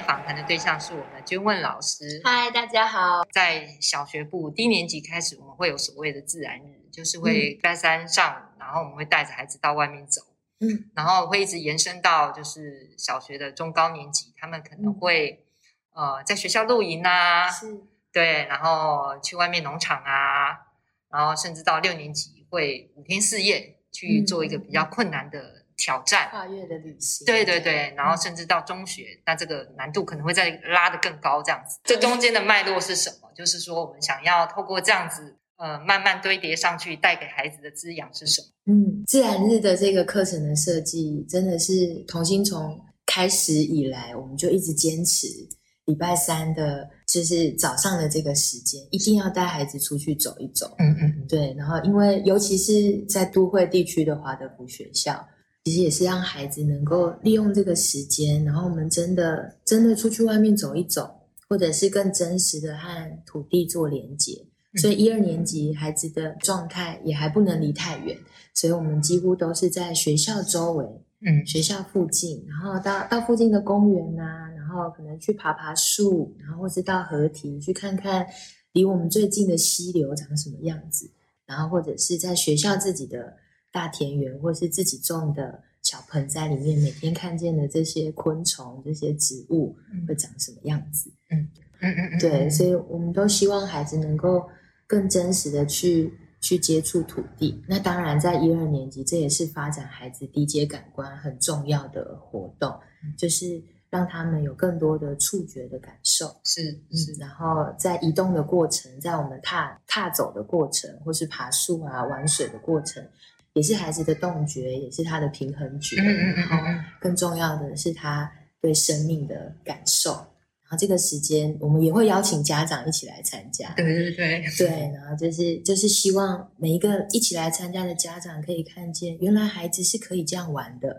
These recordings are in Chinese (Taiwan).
訪談的對象是我們涓汶老師。嗨，大家好！在小學部低年級開始，我們會有所謂的自然日，就是會拜三上午、嗯，然後我們會帶着孩子到外面走。嗯，然後會一直延伸到就是小學的中高年級，他們可能會、嗯、呃在學校露營啊，對，然後去外面農場啊，然後甚至到六年級會五天四夜去做一個比較困難的。嗯嗯挑戰跨越的旅行，對對對、嗯，然後甚至到中學，那這個難度可能會再拉得更高，這樣子。這中間的脈絡是什麼？就是說，我們想要透過這樣子，呃，慢慢堆疊上去，帶給孩子的滋養是什麼？嗯，自然日的這個課程的設計，真的是童心從開始以來，我們就一直堅持，禮拜三的，就是早上的這個時間，一定要帶孩子出去走一走。嗯嗯嗯，對。然後，因為尤其是在都會地區的華德福學校。其實也是讓孩子能夠利用這個時間，然後我們真的真的出去外面走一走，或者是更真實的和土地做連接，嗯。所以一二年級孩子的狀態也還不能離太遠，所以我們幾乎都是在學校周圍，嗯，學校附近，然後到到附近的公園吶，啊，然後可能去爬爬樹，然後或是到河堤去看看離我們最近的溪流長什麼樣子，然後或者是在學校自己的大田園或是自己種的小盆栽裡面，每天看見的這些昆蟲、這些植物會長什麼樣子？嗯嗯嗯，對，所以我們都希望孩子能夠更真實的去去接觸土地。那當然，在一二年級這也是發展孩子低階感官很重要的活動，嗯、就是讓他們有更多的觸覺的感受。是、嗯、是，然後在移動的過程，在我們踏踏走的過程，或是爬樹啊、玩水的過程。也是孩子的動覺，也是他的平衡覺、嗯嗯，更重要的是他對生命的感受。然後這個時間，我們也會邀請家長一起來參加。嗯、對對對對，然後就是就是希望每一個一起來參加的家長可以看見，原來孩子是可以這樣玩的。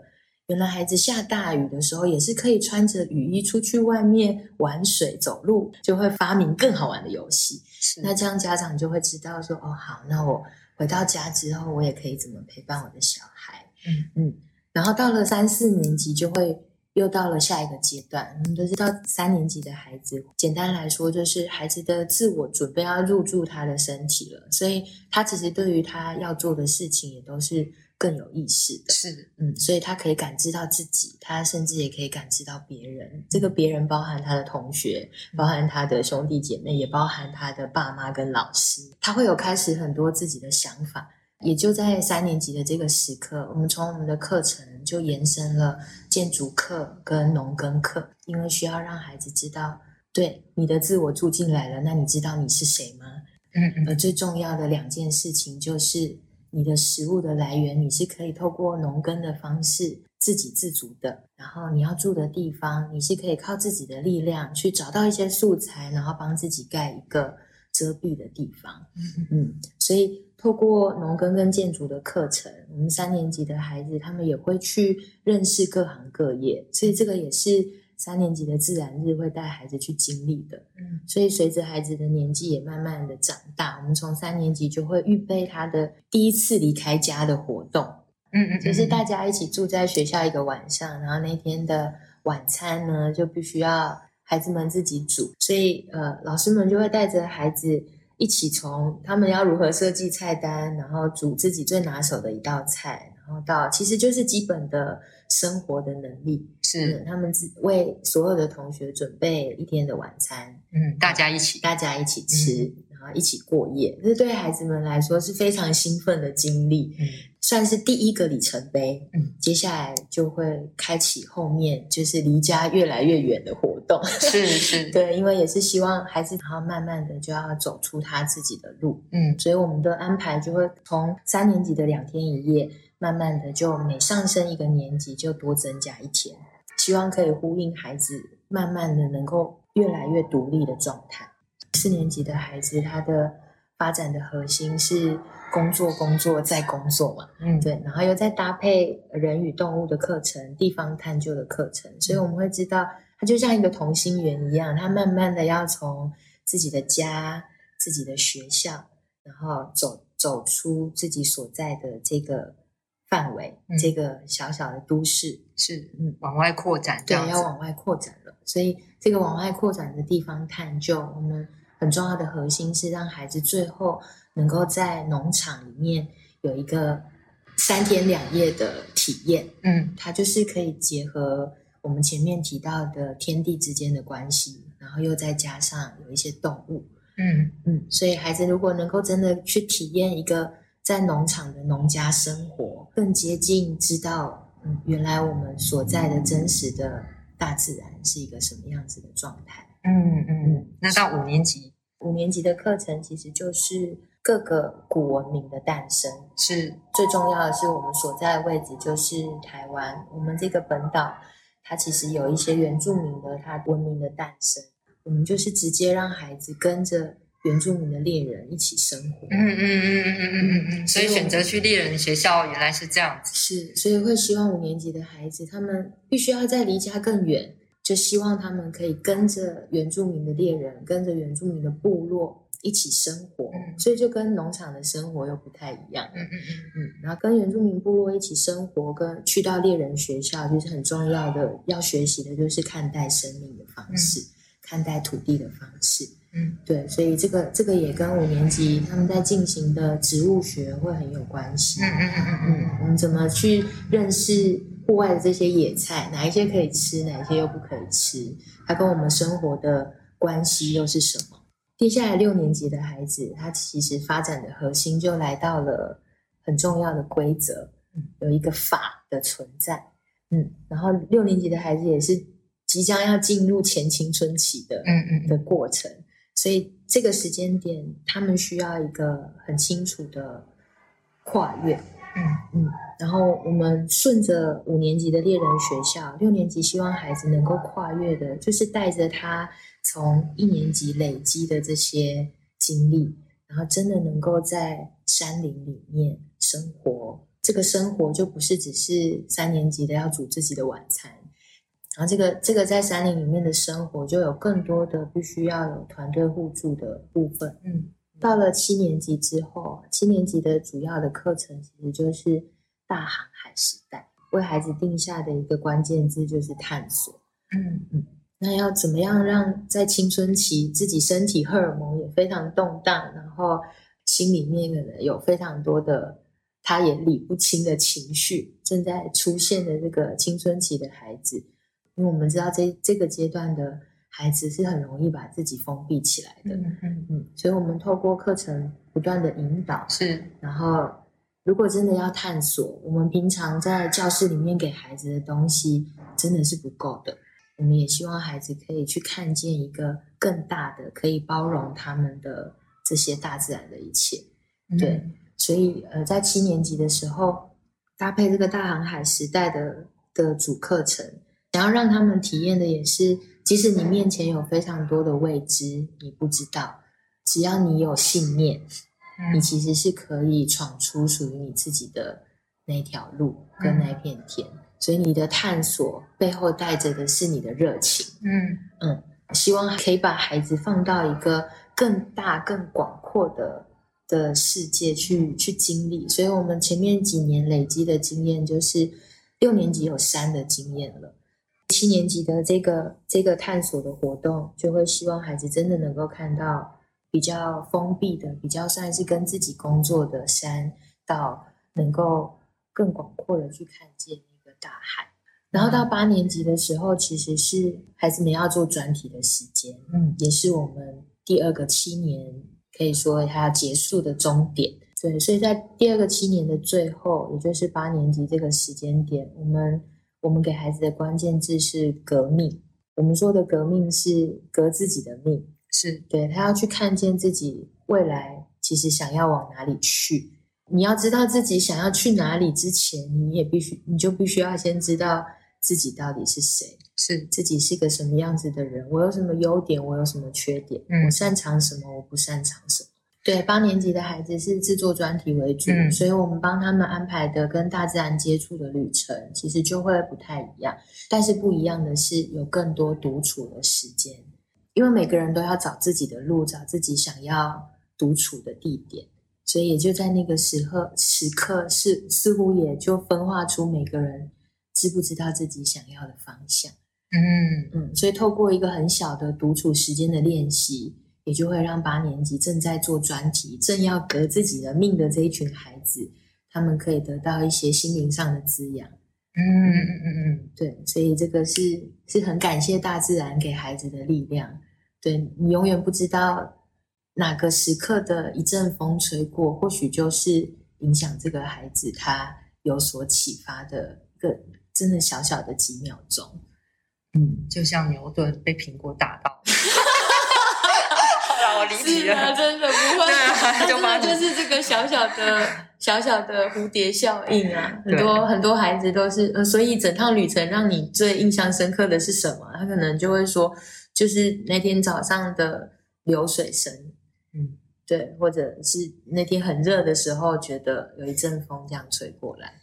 原來孩子下大雨的時候也是可以穿着雨衣出去外面玩水、走路，就會發明更好玩的遊戲。那這樣家長就會知道說：“哦，好，那我。”回到家之後，我也可以怎麼陪伴我的小孩？嗯嗯，然後到了三四年級，就會又到了下一個階段，我們都知道三年級的孩子。簡單來說，就是孩子的自我準備要入住他的身體了，所以他其實對於他要做的事情也都是。更有意思的是的，嗯，所以他可以感知到自己，他甚至也可以感知到別人。這個別人包含他的同學，包含他的兄弟姐妹，也包含他的爸媽跟老師。他會有開始很多自己的想法，也就在三年級的這個時刻，我們從我們的課程就延伸了建築課跟農耕課，因為需要讓孩子知道，對你的自我住進來了，那你知道你是誰嗎？嗯嗯。而最重要的兩件事情就是。你的食物的來源，你是可以透過農耕的方式自給自足的。然後你要住的地方，你是可以靠自己的力量去找到一些素材，然後幫自己蓋一個遮蔽的地方。 嗯，所以透過農耕跟建築的課程，我們三年級的孩子他們也會去認識各行各業。所以這個也是。三年級的自然日會帶孩子去經歷的，嗯，所以隨着孩子的年紀也慢慢的長大，我們從三年級就會預備他的第一次離開家的活動，嗯嗯，就是大家一起住在學校一個晚上，然後那天的晚餐呢就必須要孩子們自己煮，所以呃，老師們就會帶着孩子一起從他們要如何設計菜單，然後煮自己最拿手的一道菜。然後到其實就是基本的生活的能力，是、嗯、他們為所有的同學準備一天的晚餐，嗯，大家一起，大家一起吃，嗯、然後一起過夜，這、就是、對孩子們來說是非常興奮的經歷，嗯，算是第一個里程碑，嗯，接下來就會開啟後面就是離家越來越遠的活動，是是， 對，因為也是希望孩子然後慢慢的就要走出他自己的路，嗯，所以我們的安排就會從三年級的兩天一夜。慢慢的，就每上升一個年級，就多增加一天，希望可以呼應孩子慢慢的能夠越來越獨立的狀態。四年級的孩子，他的發展的核心是工作、工作再工作嘛？嗯，對。然後又再搭配人與動物的課程、地方探究的課程，所以我們會知道，嗯、他就像一個同心圓一樣，他慢慢的要從自己的家、自己的學校，然後走走出自己所在的這個。範圍這個小小的都市，嗯嗯，是，嗯，往外擴展，對，要往外擴展了。所以這個往外擴展的地方探究，我們很重要的核心是讓孩子最後能夠在農場裡面有一個三天兩夜的體驗。嗯，它就是可以結合我們前面提到的天地之間的關係，然後又再加上有一些動物。嗯嗯，所以孩子如果能夠真的去體驗一個。在農場的農家生活，更接近知道，嗯，原來我們所在的真實的大自然是一個什麼樣子的狀態。嗯嗯嗯。那到五年級，五年級的課程其實就是各個古文明的誕生。是。最重要的是我們所在的位置就是台灣，我們這個本島，它其實有一些原住民的它文明的誕生。我們就是直接讓孩子跟着。原住民的獵人一起生活，嗯嗯嗯嗯嗯嗯，所以選擇去獵人學校，原來是這樣子，是，所以會希望五年級的孩子他們必須要再離家更遠，就希望他們可以跟着原住民的獵人，跟着原住民的部落一起生活，嗯、所以就跟農場的生活又不太一樣，嗯嗯嗯，然後跟原住民部落一起生活，跟去到獵人學校就是很重要的，要學習的就是看待生命的方式，嗯、看待土地的方式。嗯，對，所以這個這個也跟五年級他們在進行的植物學會很有關係。嗯嗯嗯嗯嗯，我們怎麼去認識戶外的這些野菜？哪一些可以吃，哪一些又不可以吃？它跟我們生活的關係又是什麼？接下來六年級的孩子，他其實發展的核心就來到了很重要的規則，有一個法的存在。嗯，然後六年級的孩子也是即將要進入前青春期的，嗯嗯的過程。所以這個時間點，他們需要一個很清楚的跨越。嗯嗯，然後我們順着五年級的獵人學校，六年級希望孩子能夠跨越的，就是帶着他從一年級累積的這些經歷，然後真的能夠在山林裡面生活。這個生活就不是只是三年級的要煮自己的晚餐。然後，這個這個在山林裡面的生活，就有更多的必須要有團隊互助的部分，嗯。嗯，到了七年級之後，七年級的主要的課程其實就是大航海時代。為孩子定下的一個關鍵字就是探索。嗯嗯，那要怎麼樣讓在青春期自己身體荷爾蒙也非常動盪，然後心裡面的人有非常多的他也理不清的情緒正在出現的這個青春期的孩子？因為我們知道這，這這個階段的孩子是很容易把自己封閉起來的。嗯嗯所以，我們透過課程不斷的引導。是。然後，如果真的要探索，我們平常在教室裡面給孩子的東西真的是不夠的。我們也希望孩子可以去看見一個更大的、可以包容他們的這些大自然的一切。嗯、對。所以，呃，在七年級的時候，搭配這個大航海時代的的主課程。然後讓他們體驗的也是，即使你面前有非常多的未知，嗯、你不知道，只要你有信念，嗯、你其實是可以闖出屬於你自己的那條路跟那片天，嗯，所以你的探索背後帶着的是你的熱情。嗯嗯，希望可以把孩子放到一個更大更，更廣闊的的世界去去經歷。所以，我們前面幾年累積的經驗，就是六年級有山的經驗了。七年級的這個這個探索的活動，就會希望孩子真的能夠看到比較封閉的、比較算是跟自己工作的山，到能夠更廣闊的去看見那個大海。然後到八年級的時候，其實是孩子們要做專題的時間，嗯，也是我們第二個七年可以說它結束的終點。對，所以在第二個七年的最後，也就是八年級這個時間點，我們。我們給孩子的關鍵字是“革命”。我們說的革命是革自己的命，是對他要去看見自己未來其實想要往哪裡去。你要知道自己想要去哪裡之前，你也必須你就必須要先知道自己到底是誰，是自己是個什麼樣子的人。我有什麼優點？我有什麼缺點？嗯、我擅長什麼？我不擅長什麼？對，八年級的孩子是製作專題為主，嗯，所以我們幫他們安排的跟大自然接觸的旅程，其實就會不太一樣。但是不一樣的是，有更多獨處的時間，因為每個人都要找自己的路，找自己想要獨處的地點，所以也就在那個時刻，時刻是似，似乎也就分化出每個人知不知道自己想要的方向。嗯嗯，所以透過一個很小的獨處時間的練習，也就會讓八年級正在做專題、正要革自己的命的這一群孩子，他們可以得到一些心靈上的滋養。嗯嗯嗯嗯，對，所以這個是是很感謝大自然給孩子的力量。對，你永遠不知道哪個時刻的一陣風吹過，或許就是影響這個孩子他有所啟發的一個真的小小的幾秒鐘。嗯，就像牛頓被蘋果打到。是啊，真的不會，啊、真的就是這個小小的、小小的蝴蝶效應啊。很多很多孩子都是，呃，所以整趟旅程讓你最印象深刻的是什麼？他可能就會說，就是那天早上的流水聲，嗯，對，或者是那天很熱的時候，覺得有一陣風這樣吹過來。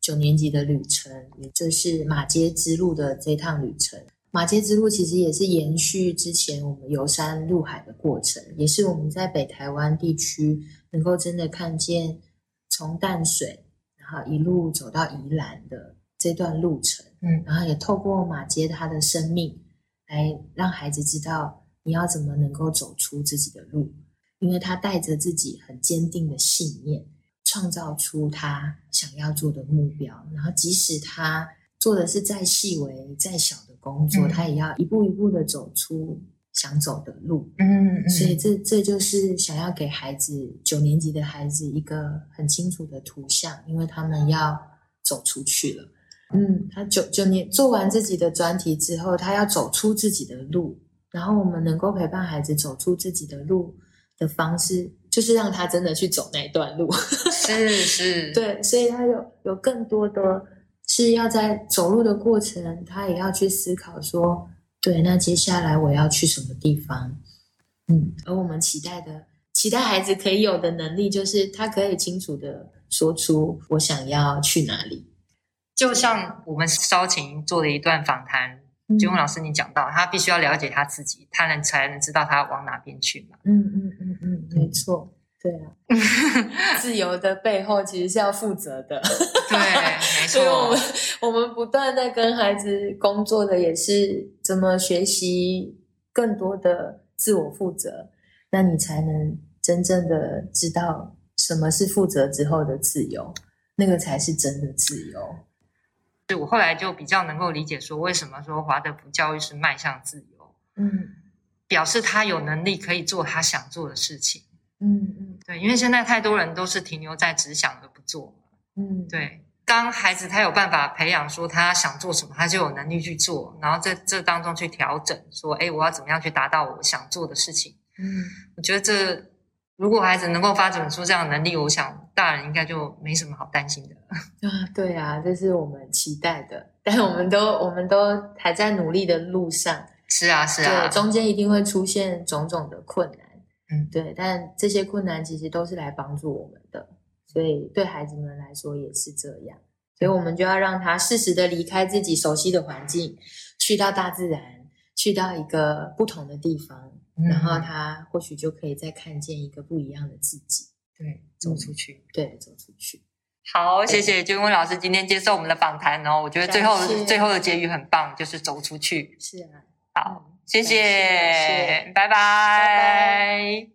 九年級的旅程，也就是馬街之路的這一趟旅程。馬偕之路其實也是延續之前我們遊山入海的過程，也是我們在北台灣地區能夠真的看見從淡水，然後一路走到宜蘭的這段路程。嗯，然後也透過馬偕他的生命，來讓孩子知道你要怎麼能夠走出自己的路，因為他帶着自己很堅定的信念，創造出他想要做的目標，然後即使他。做的是再細微、再小的工作，嗯，他也要一步一步的走出想走的路。嗯，嗯，所以這這就是想要給孩子九年級的孩子一個很清楚的圖像，因為他們要走出去了。嗯，他九九年做完自己的專題之後，他要走出自己的路。然後我們能夠陪伴孩子走出自己的路的方式，就是讓他真的去走那一段路。 是是，對，所以他有有更多的。嗯是要在走路的過程，他也要去思考說，對，那接下來我要去什麼地方？嗯，而我們期待的，期待孩子可以有的能力，就是他可以清楚的說出我想要去哪裡。就像我們稍前做了一段訪談，就、嗯、涓汶老師你講到，他必須要了解他自己，他能才能知道他往哪邊去嘛？嗯嗯嗯嗯，沒錯。對啊， 自由的背後其實是要負責的。 對，沒錯。我們我們不斷地在跟孩子工作的也是怎麼學習更多的自我負責，那你才能真正的知道什麼是負責之後的自由，那個才是真的自由。對，我後來就比較能夠理解說，為什麼說華德福教育是邁向自由，嗯，表示他有能力可以做他想做的事情，嗯嗯。對，因為現在太多人都是停留在只想着不做。嗯，對。當孩子他有辦法培養說他想做什麼，他就有能力去做，然後在，在這當中去調整說，哎，我要怎麼樣去達到我想做的事情。嗯，我覺得這如果孩子能夠發展出這樣的能力，我想大人應該就沒什麼好擔心的。啊，對啊，這是我們期待的，但是我們都、嗯、我們都還在努力的路上。是啊，是啊，就中間一定會出現種種的困難。嗯，對，但這些困難其實都是來幫助我們的，所以對孩子們來說也是這樣。所以我們就要讓他適時的離開自己熟悉的環境，去到大自然，去到一個不同的地方，嗯、然後他或許就可以再看見一個不一樣的自己。對，走出去，嗯、對，走出去。好，謝謝涓汶老師今天接受我們的訪談哦。謝謝，我覺得最後謝謝最後的結語很棒，就是走出去。是啊，好。嗯謝謝，謝謝，拜拜，拜拜。